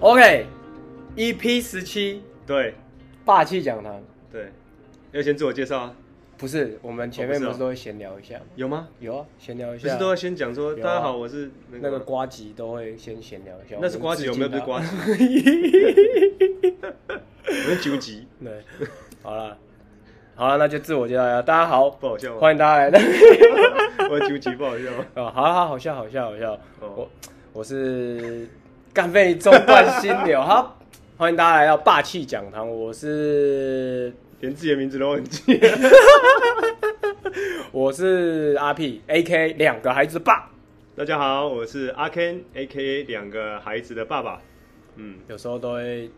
OK，EP 十七，對，爸氣講堂，對，要先自我介紹啊？不是，我們前面不是都會閒聊一下？有嗎？有啊，閒聊一下，不是都要先講說大家好，我是那個呱吉，都會先閒聊一下。那是呱吉？有沒有被呱吉？我糾吉，對，好了，好了，那就自我介紹一下。大家好，不好笑嗎？歡迎大家來。我糾吉不好笑嗎？啊，好好好笑，好笑，好笑。我我是。乾杯，中斷心流。好，歡迎大家來到爸氣講堂。我是連自己的名字都忘記。 我是阿 P、AK 兩個孩子爸。大家好，我是阿 Ken、AK 兩個孩子的爸爸。嗯，有時候都會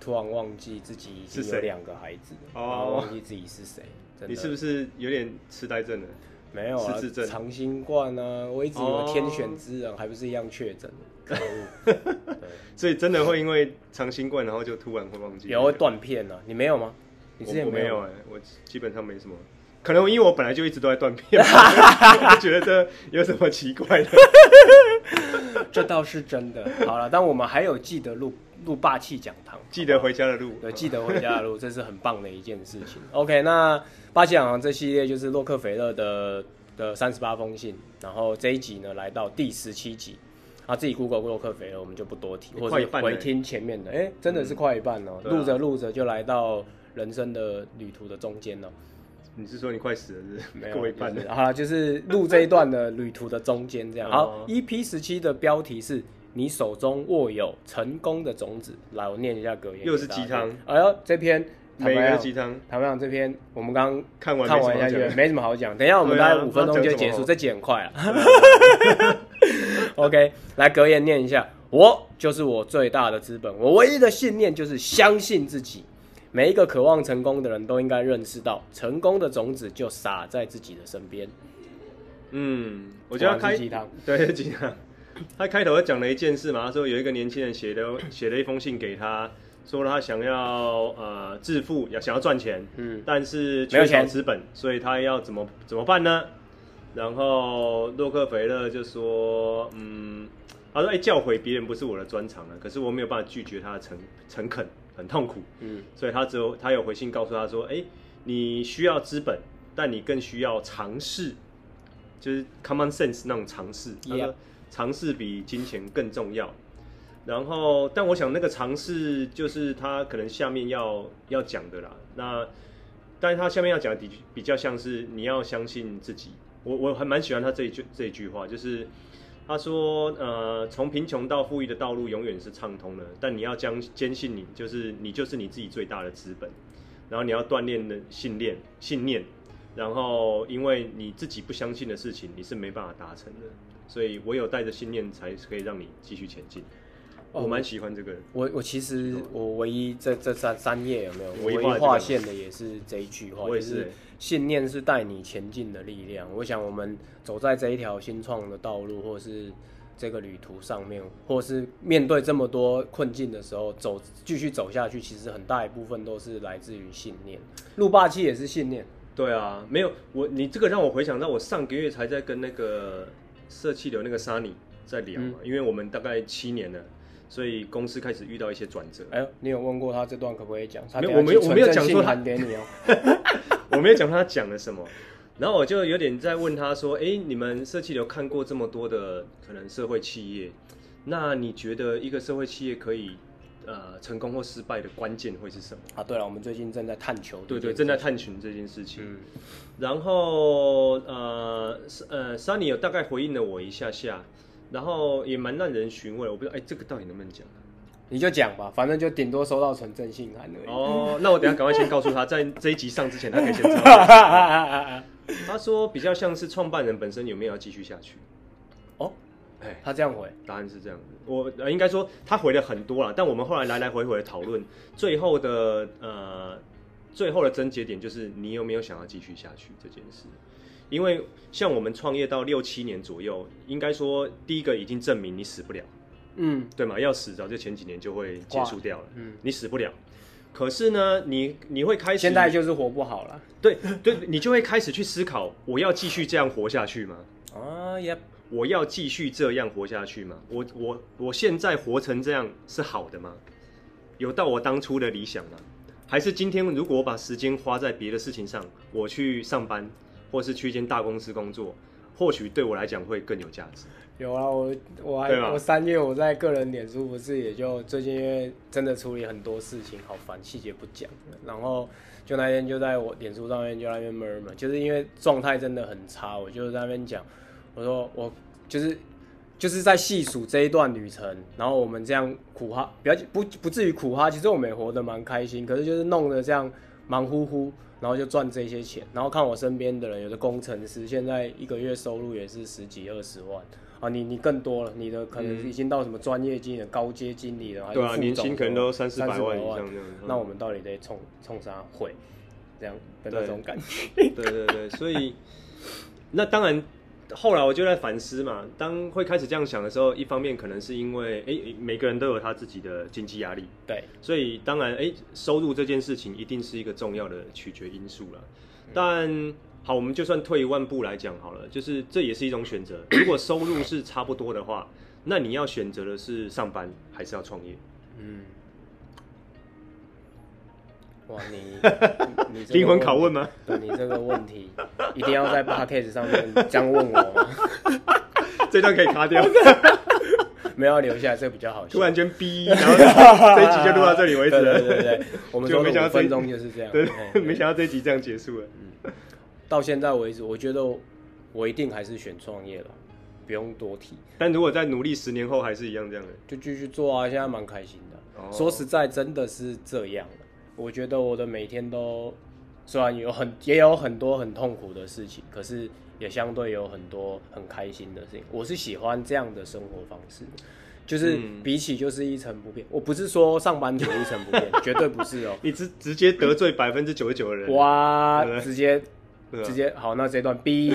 突然忘記自己是誰，兩個孩子，哦誰，忘記自己是誰。Oh, 的你是不是有點痴呆症呢？沒有啊，長新冠啊，我一直有天選之人，oh. 還不是一樣確診，可惡。 所以真的會因為長新冠，然後就突然會忘記了，也會斷片了、啊。你沒有嗎？你之前沒有哎、欸，我基本上沒什麼，可能因為我本來就一直都在斷片， 覺得這有什麼奇怪的。這倒是真的。好了，但我們還有記得錄。錄爸氣講堂，記得回家的路。對，記得回家的路，這是很棒的一件事情。OK，那爸氣講堂這系列就是洛克菲勒的的三十八封信，然後這一集呢來到第十七集。啊，自己 Google 洛克菲勒，我們就不多提，或是回聽前面的。哎，真的是快一半哦。錄着錄着就來到人生的旅途的中間了。你是說你快死了是？沒有，快一半的。好了，就是錄這一段的旅途的中間這樣。好，EP 十七的標題是。你手中握有成功的種子，來，我念一下格言。又是雞湯。哎呦，這篇每一個雞湯。唐班長這篇，我們剛，剛看完，看完一下就 沒什麼好講。等一下，我們大概五分鐘就結束，講這集很快啊。 OK，來格言念一下。我就是我最大的資本，我唯一的信念就是相信自己。每一個渴望成功的人都應該認識到，成功的種子就撒在自己的身邊。嗯，我就要開雞湯，對，雞湯。他開頭講了一件事嘛，他說有一個年輕人寫的寫了一封信給他，說他想要呃致富，要想要賺錢，嗯，但是缺少資本，所以他要怎麼怎麼辦呢？然後洛克菲勒就說，嗯，他說，哎、欸，教誨別人不是我的專長了，可是我沒有辦法拒絕他的誠誠懇，很痛苦，嗯，所以他只有他有回信告訴他說，哎、欸，你需要資本，但你更需要常識，就是 common sense 那種常識，Yeah. 他說。嘗試比金錢更重要，然後，但我想那個嘗試就是他可能下面要要講的啦。那，但是他下面要講的比，比較像是你要相信自己。我我還蠻喜歡他這一句這一句話，就是他說：“呃，從貧窮到富裕的道路永遠是暢通的，但你要將堅信你就是你就是你自己最大的資本。然後你要鍛鍊的信念信念，然後因為你自己不相信的事情，你是沒辦法達成的。”所以，我有帶着信念，才可以讓你繼續前進。Oh, 我蠻喜歡這個。我我其實我唯一這這三三頁有沒有我唯一劃線的也是這一句話，我也,是也是信念是帶你前進的力量。我想我們走在這一條新創的道路，或是這個旅途上面，或是面對這麼多困境的時候，走繼續走下去，其實很大一部分都是來自於信念。路霸氣也是信念。對啊，沒有我你這個讓我回想到我上個月才在跟那個。社企流那個沙尼在聊嘛，嗯、因為我們大概七年了，所以公司開始遇到一些轉折。哎，你有問過他這段可不可以講？沒有，我沒有，我沒有講出來給你哦。 我沒有講他講了什麼，然後我就有點在問他說：“哎，你們社企流看過這麼多的可能社會企業，那你覺得一個社會企業可以？”呃、成功或失敗的關鍵會是什麼啊？對了，我們最近正在探求，對，對對，正在探求這件事情。嗯、然後呃，S, 呃，Sunny 有大概回應了我一下下，然後也蠻耐人尋味。我不知道，哎、欸，這個到底能不能講啊？你就講吧，反正就頂多收到存證信函的。哦，那我等下趕快先告訴他，在這一集上之前，他可以先知道 他說比較像是創辦人本身有沒有要繼續下去。欸、他這樣回，答案是這樣子。我、呃、應該說他回了很多了，但我們後來來來回回討論， 最後的呃，最後的癥結點就是你有沒有想要繼續下去這件事。因為像我們創業到六七年左右，應該說第一個已經證明你死不了，嗯，對嘛，要死早就前幾年就會結束掉了，嗯，你死不了，可是呢，你你會開始現在就是活不好了， 對對，你就會開始去思考，我要繼續這樣活下去嗎？啊 p、oh, yeah. 我要繼續這樣活下去嗎？我我我現在活成這樣是好的嗎？有到我當初的理想嗎？還是今天如果我把時間花在別的事情上，我去上班，或是去一間大公司工作，或許對我來講會更有價值。有啊，我我還有我三月我在個人臉書不是也就最近因為真的處理很多事情，好煩，細節不講。然後就那天就在我臉書上面就在那邊 murmur，就是因為狀態真的很差，我就在那邊講。我說，我就是就是在細數這一段旅程，然後我們這樣苦哈，比較不要不不至於苦哈。其實我們也活得蠻開心，可是就是弄得這樣忙乎乎，然後就賺這些錢，然後看我身邊的人，有的工程師現在一個月收入也是十幾二十萬啊，你你更多了，你的可能已經到什麼專業經理的、嗯、高階經理了，對啊，年薪可能都三四百萬以上萬、嗯、那我們到底得衝衝啥會？這樣的那種感覺對，對對對，所以 那當然。後來我就在反思嘛，當會開始這樣想的時候，一方面可能是因為，誒，每個人都有他自己的經濟壓力，對，所以當然，誒，收入這件事情一定是一個重要的取決因素了。但、嗯、好，我們就算退一萬步來講好了，就是這也是一種選擇。如果收入是差不多的話，那你要選擇的是上班還是要創業？嗯。哇，你你靈魂拷問嗎？你這個問題一定要在 podcast 上面這樣問我，這段可以卡掉，沒有留下來這個比較好。突然間逼，然後這一集就錄到這裡為止了。對對，我們說五分鐘就是這樣。對，沒想到這一集這樣結束了。到現在為止，我覺得我一定還是選創業了，不用多提。但如果再努力十年後還是一樣這樣的，就繼續做啊。現在蠻開心的。說實在，真的是這樣。我覺得我的每天都雖然有很也有很多很痛苦的事情，可是也相對有很多很開心的事情。我是喜歡這樣的生活方式，就是比起就是一成不變。我不是說上班族一成不變， 絕對不是哦。你直直接得罪百分之九十九的人哇，嗯、直接嗎直接好，那這段逼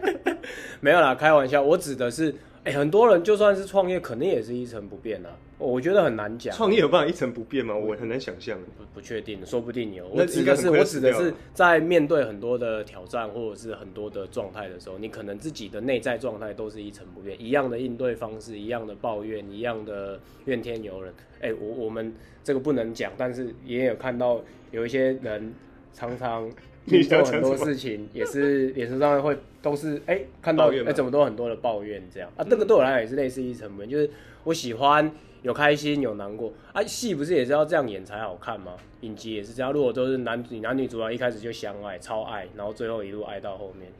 沒有啦，開玩笑，我指的是、欸、很多人就算是創業，肯定也是一成不變啊。我覺得很難講。創業有辦法一成不變嗎？我很難想象，不不確定，說不定有。那是我指的是，的是在面對很多的挑戰或者是很多的狀態的時候，你可能自己的內在狀態都是一成不變，一樣的應對方式，一樣的抱怨，一樣的怨天尤人。哎、欸，我我們這個不能講，但是也有看到有一些人常常遇到很多事情，也是也是這樣會都是哎、欸、看到哎、欸、怎麼都很多的抱怨這樣啊。那、這個對我來講也是類似一成不變，就是。我喜歡有開心有難過啊，戲不是也是要這樣演才好看嗎？影集也是這樣，如果都是男女男女主角一開始就相愛超愛，然後最後一路愛到後面，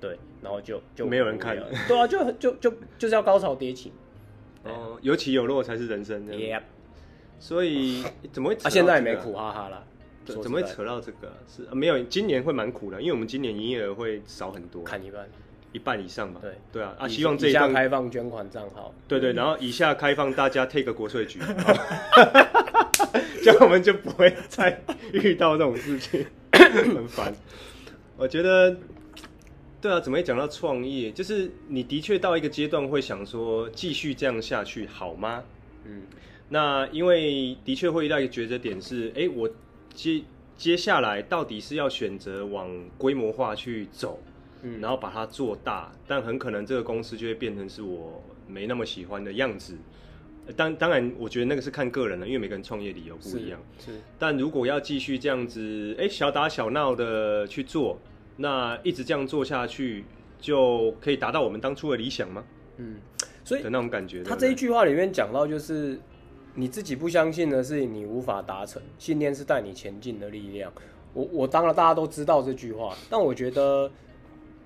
對，然後就就沒有人看了。對啊，就就就就是要高潮迭起，哦、呃，有起有落才是人生。yep 所以怎麼會啊？現在也沒苦哈哈啦。怎麼會扯到這個？是、啊、沒有，今年會蠻苦的，因為我們今年營業額會少很多，砍一半。一半以上吧。對對啊以啊！希望這一下開放捐款賬號。對，對對，嗯、然後以下開放大家 take 個國稅局，這樣我們就不會再遇到這種事情，很煩。 我覺得，對啊，怎麼一講到創業，就是你的確到一個階段會想說繼續這樣下去好嗎？嗯，那因為的確會遇到一個抉擇點是，哎、欸，我接接下來到底是要選擇往規模化去走？然後把它做大，但很可能這個公司就會變成是我沒那麼喜歡的樣子。當當然，我覺得那個是看個人的，因為每個人創業理由不一樣。是，是，但如果要繼續這樣子，哎，小打小鬧的去做，那一直這樣做下去，就可以達到我們當初的理想嗎？嗯，所以的那種感覺，他這一句話裡面講到，就是你自己不相信的事情，你無法達成。信念是帶你前進的力量。我我當然大家都知道這句話，但我覺得。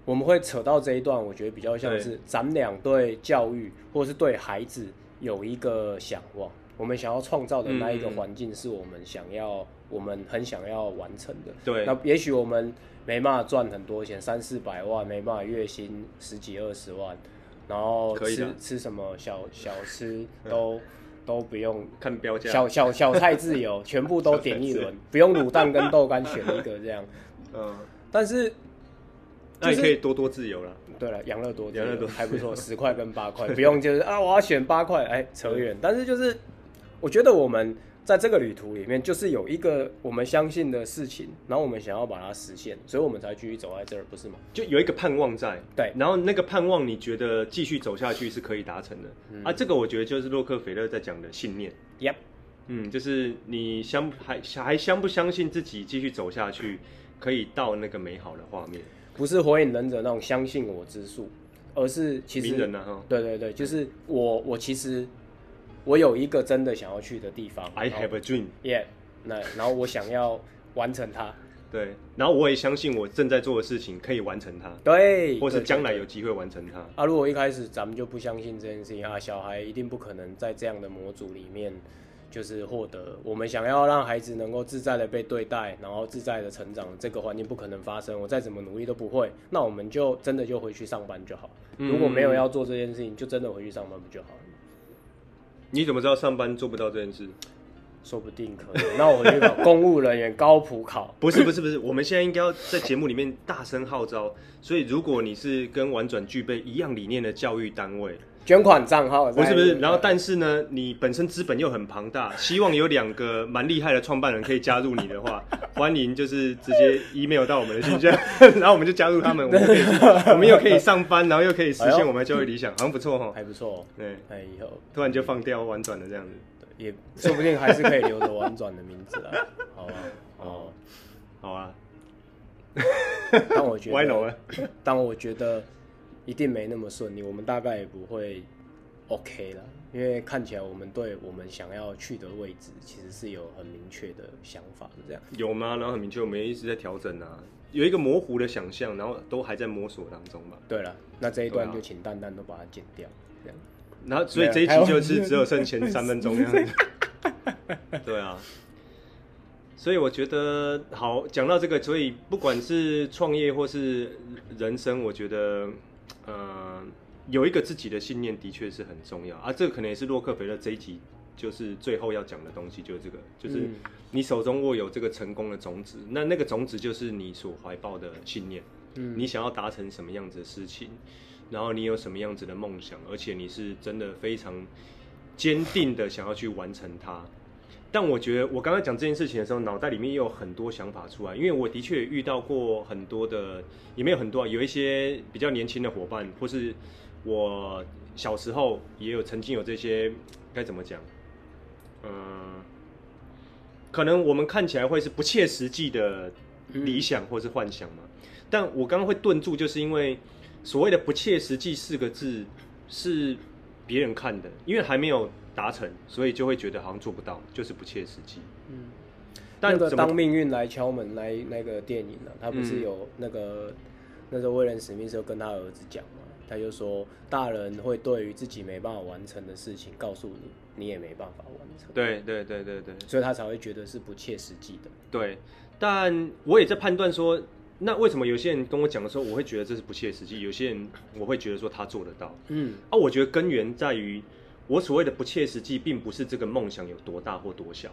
我們會扯到這一段，我覺得比較像是咱倆對教育或是對孩子有一個想望，我們想要創造的那一個環境是我們想要，我們很想要完成的。對，那也許我們沒辦法賺很多錢，三四百萬，沒辦法月薪十幾二十萬，然後吃吃什麼小小吃都都不用看標價，小小小菜自由，全部都點一輪，不用滷蛋跟豆干選一個這樣。嗯，但是。那、就是哎、可以多多自由了。對了，養樂多自由，養樂多自由還不錯，十 塊跟八塊，不用就是啊，我要選八塊，哎，扯遠。是但是就是，我覺得我們在這個旅途裡面，就是有一個我們相信的事情，然後我們想要把它實現，所以我們才繼續走在這兒，不是嗎？就有一個盼望在。對，然後那個盼望，你覺得繼續走下去是可以達成的、嗯、啊？這個我覺得就是洛克菲勒在講的信念。Yep，嗯，就是你相還還相不相信自己繼續走下去可以到那個美好的畫面？不是火影忍者那種相信我之術，而是其實，名人啊、對對對，就是我我其實我有一個真的想要去的地方，I 後 have a dream，yeah，那 然後我想要完成它，對，然後我也相信我正在做的事情可以完成它，對，或是將來有機會完成它，對對對。啊，如果一開始咱們就不相信這件事情啊，小孩一定不可能在這樣的模組裡面。就是獲得我們想要讓孩子能夠自在的被對待，然後自在的成長，這個環境不可能發生，我再怎麼努力都不會。那我們就真的就回去上班就好。嗯、如果沒有要做這件事情，就真的回去上班不就好了？你怎麼知道上班做不到這件事？說不定可以。那我就考 公務人員高普考。不是不是不是，我們現在應該要在節目裡面大聲號召。 所以如果你是跟玩轉具備一樣理念的教育單位，捐款賬號，不是不是，然後但是呢，你本身資本又很龐大，希望有兩個蠻厲害的創辦人可以加入你的話，歡迎就是直接 email 到我們的信箱， 然後我們就加入他們，我們, 我們又可以上班，然後又可以實現我們的教育理想，哎、呦好像不錯哈，嗯、還不錯，對，哎，以後突然就放掉婉轉的這樣子，也說不定還是可以留着婉轉的名字啊，好啊，哦，好啊，當我覺得，歪樓了，當我覺得。一定沒那麼順利，我們大概也不會 OK 了，因為看起來我們對我們想要去的位置其實是有很明確的想法，這樣。有嗎？然後很明確，我們一直在調整啊，有一個模糊的想象，然後都還在摸索當中吧。對了，那這一段就請蛋蛋都把它剪掉，這樣。然後，所以這一集就是只有剩前三分鐘這樣子。 對啊，所以我覺得，好，講到這個，所以不管是創業或是人生，我覺得。嗯、呃，有一個自己的信念的確是很重要啊。這個可能也是洛克菲勒這一集就是最後要講的東西，就是這個，就是你手中握有這個成功的種子，嗯、那那個種子就是你所懷抱的信念。嗯，你想要達成什麼樣子的事情，然後你有什麼樣子的夢想，而且你是真的非常堅定的想要去完成它。但我覺得，我剛剛講這件事情的時候，腦袋裡面也有很多想法出來，因為我的確遇到過很多的，也沒有很多，有一些比較年輕的夥伴，或是我小時候也有曾經有這些，該怎麼講？嗯、呃，可能我們看起來會是不切實際的理想或是幻想嘛。嗯、但我剛剛會頓住，就是因為所謂的“不切實際”四個字是。別人看的，因為還沒有達成，所以就會覺得好像做不到，就是不切實際。嗯，但當命運來敲門，來那個電影呢、啊？他不是有那個，嗯，那時候威廉史密斯又跟他兒子講嘛？他就說大人會對於自己沒辦法完成的事情告訴你，你也沒辦法完成。對對對對對，所以他才會覺得是不切實際的。對，但我也在判斷說。那為什麼有些人跟我講的時候，我會覺得這是不切實際？有些人我會覺得說他做得到。嗯，啊，我覺得根源在於我所謂的不切實際，並不是這個夢想有多大或多小。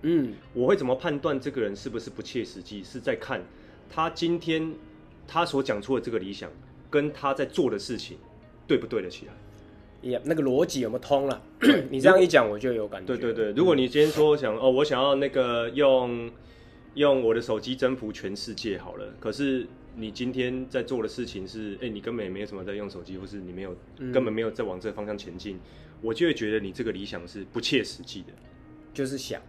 嗯，我會怎麼判斷這個人是不是不切實際？是在看他今天他所講出的這個理想，跟他在做的事情對不對得起來？Yeah, 那個邏輯有沒有通了、啊？ 你這樣一講，我就有感覺。對對對，如果你今天說想、嗯、哦，我想要那個用。用我的手機征服全世界好了。可是你今天在做的事情是，哎、欸，你根本也沒有什麼在用手機，或是你沒有、嗯、根本沒有在往這方向前進，我就會覺得你這個理想是不切實際的。就是想，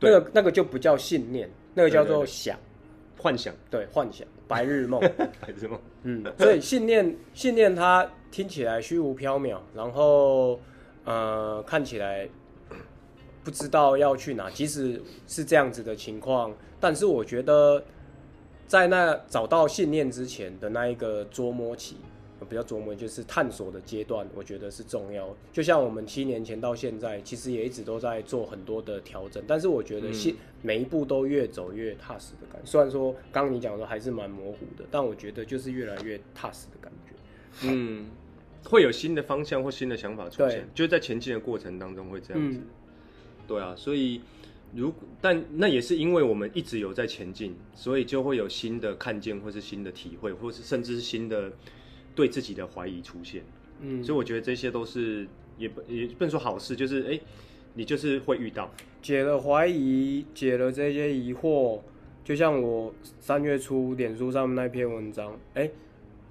那個對那個就不叫信念，那個叫做想，對對對，幻想。對，幻想、白日夢， 白日夢夢。嗯，所以信念信念它聽起來虛無縹緲，然後呃看起來。不知道要去哪，即使是這樣子的情況，但是我覺得，在那找到信念之前的那一個捉摸期，比較琢磨，就是探索的階段，我覺得是重要。就像我們七年前到現在，其實也一直都在做很多的調整，但是我覺得每一步都越走越踏實的感覺。嗯、雖然說剛剛你講的還是蠻模糊的，但我覺得就是越來越踏實的感覺。嗯，會有新的方向或新的想法出現，對就在前進的過程當中會這樣子。嗯對啊，所以如，如但那也是因為我們一直有在前進，所以就會有新的看見，或是新的體會，或是甚至是新的對自己的懷疑出現。嗯，所以我覺得這些都是也不也不能說好事，就是哎、欸，你就是會遇到解了懷疑，解了這些疑惑，就像我三月初臉書上那篇文章，哎、欸，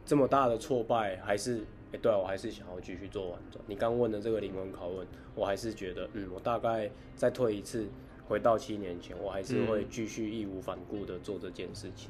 這麼大的挫敗還是。對、啊，我還是想要繼續做完你剛問的這個靈魂拷問，我還是覺得，嗯，我大概再退一次，回到七年前，我還是會繼續義無反顧的做這件事情。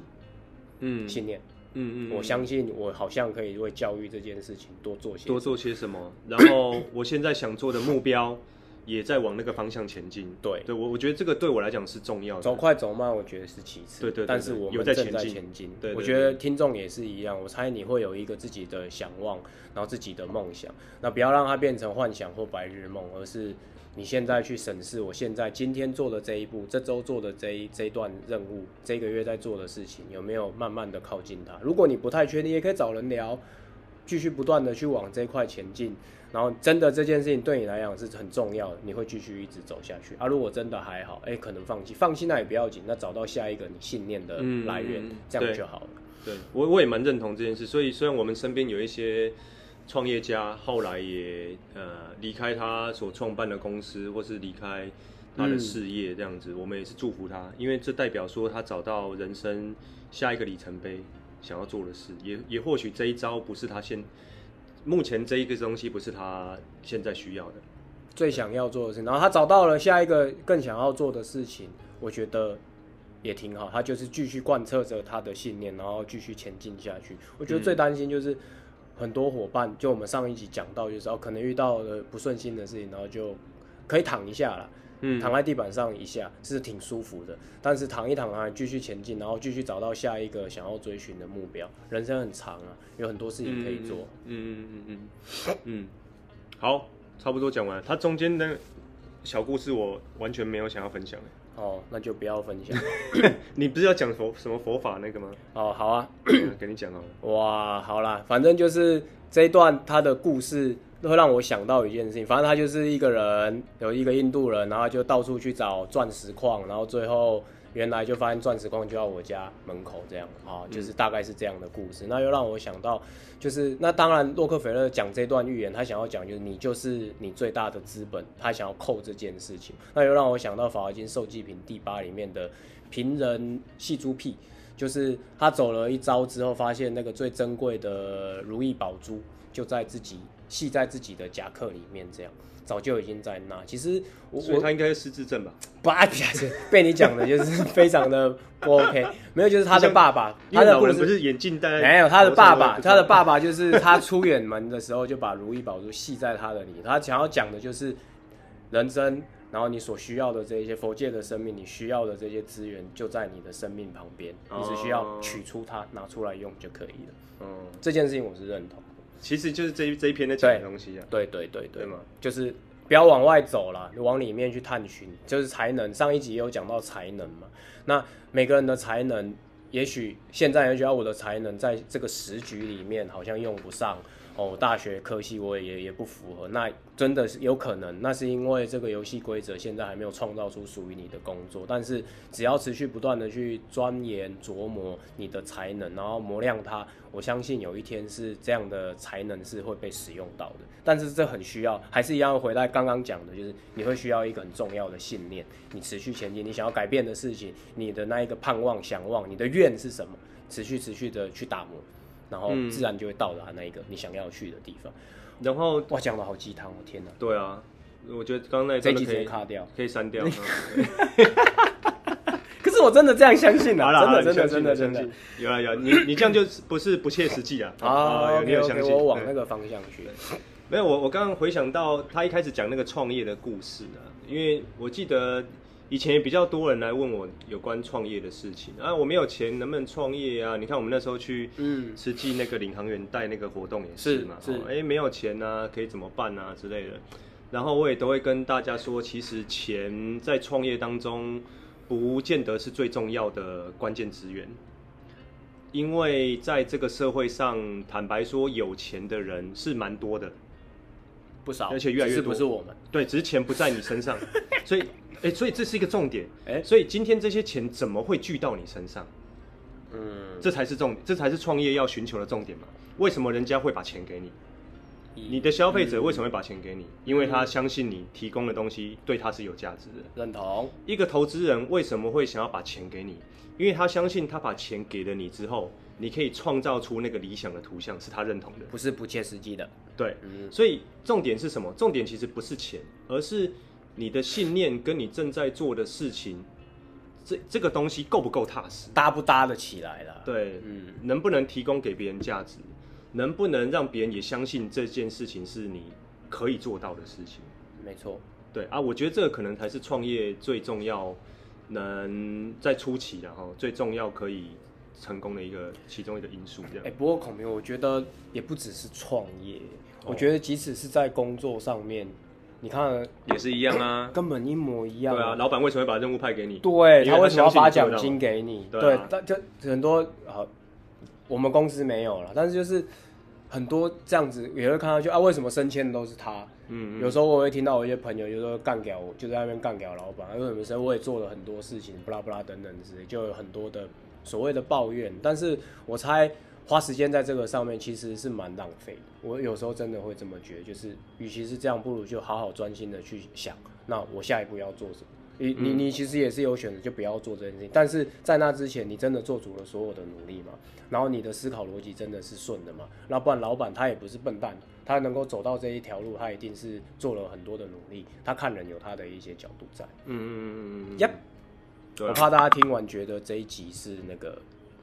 嗯，信念，嗯，嗯嗯，我相信我好像可以為教育這件事情多做些，多做些什麼。然後，我現在想做的目標。 也在往那個方向前進。對，對我我覺得這個對我來講是重要的。走快走慢，我覺得是其次。對對，對對，但是我們正在前進，有在前進。對，對，對，對我覺得聽眾也是一樣。我猜你會有一個自己的想望，然後自己的夢想。那不要讓它變成幻想或白日夢，而是你現在去審視，我現在今天做的這一步，這週做的這一這一段任務，這個月在做的事情，有沒有慢慢的靠近它？如果你不太確定，也可以找人聊。繼續不斷地去往這一塊前進，然後真的這件事情對你來講是很重要的，你會繼續一直走下去啊。如果真的還好，哎，可能放棄，放棄那也不要緊，那找到下一個你信念的來源，嗯、這樣就好了。對，對，我我也蠻認同這件事。所以雖然我們身邊有一些創業家後來也呃離開他所創辦的公司或是離開他的事業、嗯、這樣子，我們也是祝福他，因為這代表說他找到人生下一個里程碑。想要做的事，也也或許這一招不是他現目前這一個東西不是他現在需要的，最想要做的事情。然後他找到了下一個更想要做的事情，我覺得也挺好。他就是繼續貫徹着他的信念，然後繼續前進下去。我覺得最擔心就是、嗯、很多夥伴，就我們上一集講到，就是哦，可能遇到了不順心的事情，然後就可以躺一下了。躺在地板上一下是挺舒服的，但是躺一躺啊，繼續前進，然後繼續找到下一個想要追尋的目標。人生很長啊，有很多事情可以做。嗯嗯嗯嗯嗯，嗯，好，差不多講完了。他中間的小故事，我完全沒有想要分享耶哦，那就不要分享。 你不是要講佛什,什麼佛法那個嗎？哦，好啊， 給你講哦。哇，好啦，反正就是這一段他的故事，都會讓我想到一件事情。反正他就是一個人，有一個印度人，然後就到處去找鑽石礦，然後最後。原來就發現鑽石礦就在我家門口，這樣啊，就是大概是這樣的故事。嗯、那又讓我想到，就是那當然洛克菲勒講這段寓言，他想要講就是你就是你最大的資本，他想要扣這件事情。那又讓我想到《法華經·受記品第八》裡面的「貧人繫珠譬」，就是他走了一遭之後，發現那個最珍貴的如意寶珠就在自己繫在自己的夾克裡面，這樣。早就已經在那。其實我，所以他應該是失智症吧？不，被你講的就是非常的不 OK。 沒有，就是他的爸爸，像他的不是眼鏡戴。沒有，他的爸爸，他的爸爸就是他出遠門的時候就把如意寶珠繫在他的裡。 他想要講的就是人生，然後你所需要的這些佛界的生命，你需要的這些資源就在你的生命旁邊，哦、你只需要取出它拿出來用就可以了。嗯，這件事情我是認同。其實就是這這一篇的講的東西啊，對對，對對對對嘛，就是不要往外走了，往裡面去探尋，就是才能。上一集也有講到才能嘛，那每個人的才能。也許現在也需要我的才能在這個時局裡面好像用不上哦，大學科系，我也也不符合，那真的是有可能，那是因為這個遊戲規則現在還沒有創造出屬於你的工作。但是只要持續不斷的去鑽研琢磨你的才能，然後磨亮它，我相信有一天是這樣的才能是會被使用到的。但是這很需要，還是一樣回來剛剛講的，就是你會需要一個很重要的信念，你持續前進，你想要改變的事情，你的那一個盼望、想望，你的願。是什麼？持續持續的去打磨，然後自然就會到達那一個你想要去的地方。然後哇，講的好雞湯哦！天啊！對啊，我覺得剛剛那個真的可以卡掉，可以刪掉。可是我真的這樣相信啊！真的真的真的真的有啊有！你你這樣就是不是不切實際啊？啊，沒有，相信我往那個方向去。沒有，我我剛剛回想到他一開始講那個創業的故事啊，因為我記得。以前也比較多人來問我有關創業的事情啊，我沒有錢能不能創業啊？你看我們那時候去嗯，實際那個領航員帶那個活動也是嘛，是哎、欸、沒有錢啊，可以怎麼辦啊之類的。然後我也都會跟大家說，其實錢在創業當中不見得是最重要的關鍵資源，因為在這個社會上，坦白說，有錢的人是蠻多的，不少，而且越來越多，是不是我們，對，只是錢不在你身上， 所以。誒，所以這是一個重點。誒，所以今天這些錢怎麼會聚到你身上？嗯，這才是重點，這才是創業要尋求的重點嘛。為什麼人家會把錢給你？以你的消費者為什麼會把錢給你？嗯，因為他相信你提供的東西對他是有價值的，認同。一個投資人為什麼會想要把錢給你？因為他相信他把錢給了你之後，你可以創造出那個理想的圖像，是他認同的，不是不切實際的。對，嗯，所以重點是什麼？重點其實不是錢，而是。你的信念跟你正在做的事情，這這個東西夠不夠踏實，搭不搭得起來啦？對，嗯，能不能提供給別人價值，能不能讓別人也相信這件事情是你可以做到的事情？沒錯，對啊，我覺得這個可能才是創業最重要，能在初期然後最重要可以成功的一個其中一個因素。這樣，哎、欸，不過孔明，我覺得也不只是創業，哦、我覺得即使是在工作上面。你看，也是一樣啊，根本一模一樣，啊。對啊，老闆為什麼會把任務派給你？對，為他為什麼要發獎金給你？他你對，啊、對，但就很多啊，我們公司沒有了，但是就是很多這樣子也會看上去啊，為什麼升遷的都是他？嗯，嗯，有時候我會聽到我一些朋友，有時候幹掉我，就在那邊幹掉老闆，因為什麼？我也做了很多事情，巴拉巴拉等等之類，就有很多的所謂的抱怨。但是我猜。花時間在這個上面其實是蠻浪費，我有時候真的會這麼覺得，就是與其是這樣，不如就好好專心的去想，那我下一步要做什麼？你你你其實也是有選擇，就不要做這件事情。嗯、但是在那之前，你真的做足了所有的努力嘛？然後你的思考邏輯真的是順的嘛？那不然老闆他也不是笨蛋，他能夠走到這一條路，他一定是做了很多的努力。他看人有他的一些角度在。嗯嗯嗯嗯。Yep。啊、我怕大家聽完覺得這一集是那個。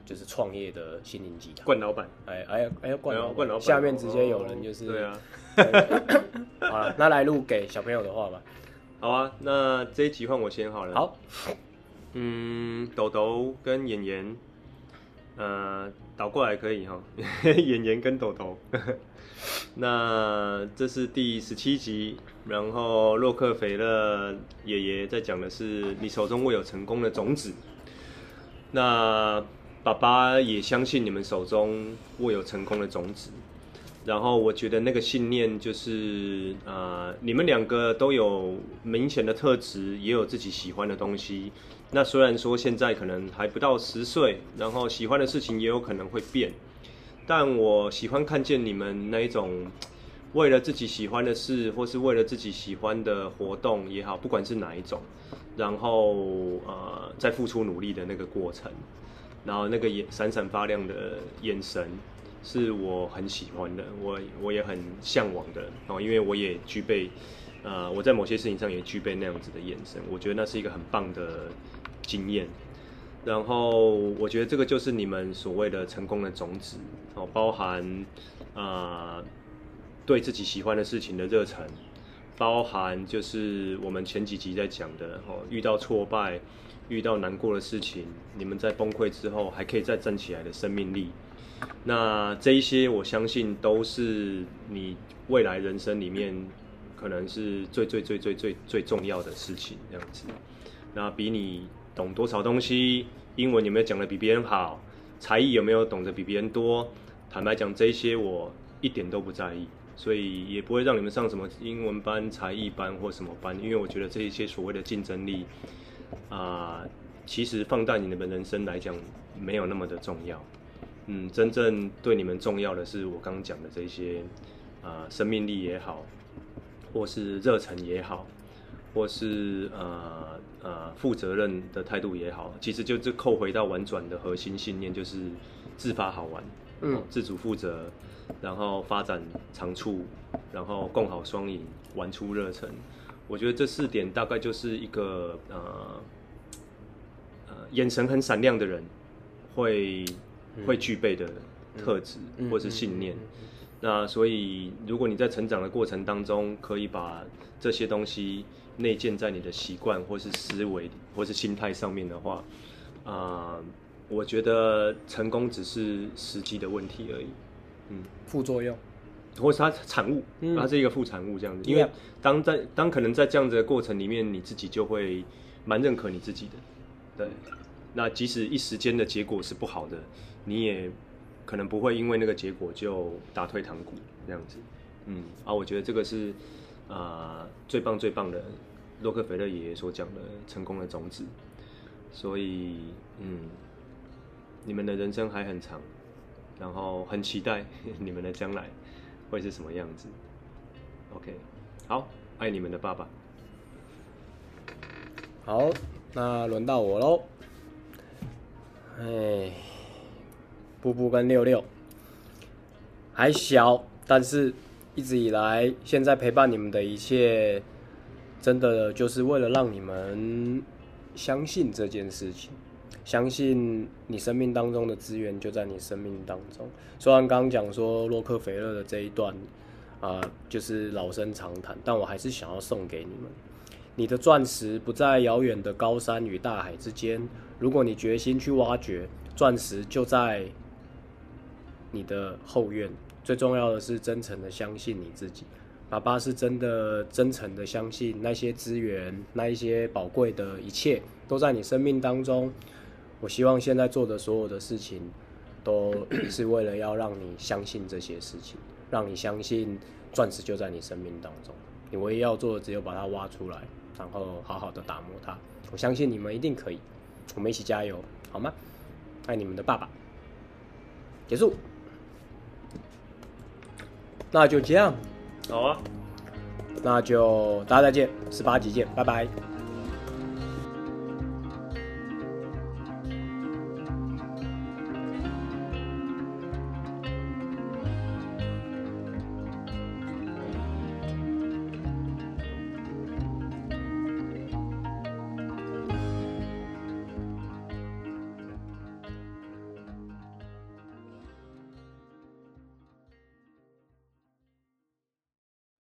就是創業的心靈雞湯，冠老板，哎，哎哎哎，冠老板，老闆下面直接有人就是，哦、對，啊 對啊，好了，那來錄給小朋友的話吧。好啊，那這一集換我先好了。好，嗯，豆豆跟妍妍，嗯、呃，倒過來可以哈、哦，妍 妍跟豆豆。 那這是第十七集，然後洛克菲勒爺爺在講的是，你手中握有成功的種子，那。爸爸也相信你們手中握有成功的種子，然後我覺得那個信念就是呃，你們兩個都有明顯的特質，也有自己喜歡的東西。那雖然說現在可能還不到十歲，然後喜歡的事情也有可能會變，但我喜歡看見你們那一種為了自己喜歡的事，或是為了自己喜歡的活動也好，不管是哪一種，然後呃，在付出努力的那個過程。然後那個眼閃閃發亮的眼神，是我很喜歡的，我我也很嚮往的哦。因為我也具備，呃，我在某些事情上也具備那樣子的眼神，我覺得那是一個很棒的經驗。然後我覺得這個就是你們所謂的成功的種子哦，包含啊、呃、對自己喜歡的事情的熱忱，包含就是我們前幾集在講的哦，遇到挫敗。遇到難過的事情，你們在崩潰之後還可以再站起來的生命力，那這一些我相信都是你未來人生裡面可能是最最最最最最重要的事情這樣子。那比你懂多少東西，英文有沒有講得比別人好，才藝有沒有懂得比別人多，坦白講，這些我一點都不在意，所以也不會讓你們上什麼英文班、才藝班或什麼班，因為我覺得這一些所謂的競爭力。啊、呃，其實放大你們人生來講，沒有那麼的重要。嗯，真正對你們重要的是我剛剛講的這些，啊、呃，生命力也好，或是熱忱也好，或是呃呃負責任的態度也好，其實就是扣回到玩轉的核心信念，就是自發好玩，嗯，自主負責，然後發展長處，然後共好雙贏，玩出熱忱。我覺得這四點大概就是一個呃、呃眼神很閃亮的人會、嗯、會具備的特質或是信念。那所以如果你在成長的過程當中可以把這些東西內建在你的習慣或是思維或是心態上面的話，啊、呃，我覺得成功只是時機的問題而已。嗯，副作用。或是它產物，嗯、它是一個副產物這樣子，因為當在當可能在這樣子的過程裡面，你自己就會蠻認可你自己的，對，那即使一時間的結果是不好的，你也可能不會因為那個結果就打退堂鼓這樣子，嗯，啊，我覺得這個是啊、呃、最棒最棒的洛克菲勒爺爺所講的成功的種子，所以嗯，你們的人生還很長，然後很期待你們的將來。會是什麼樣子？OK，好，愛你們的爸爸。好，那輪到我嘍。哎，布布跟六六還小，但是一直以來，現在陪伴你們的一切，真的就是為了讓你們相信這件事情。相信你生命當中的資源就在你生命當中。雖然剛剛講說洛克菲勒的這一段，啊、呃，就是老生常談，但我還是想要送給你們：你的鑽石不在遙遠的高山與大海之間，如果你決心去挖掘，鑽石就在你的後院。最重要的是，真誠的相信你自己。爸爸是真的、真誠的相信那些資源，那一些寶貴的一切都在你生命當中。我希望現在做的所有的事情，都是為了要讓你相信這些事情，讓你相信鑽石就在你生命當中。你唯一要做的，只有把它挖出來，然後好好的打磨它。我相信你們一定可以，我們一起加油，好嗎？愛你們的爸爸。結束。那就這樣。好啊。那就大家再見，十八集見，拜拜。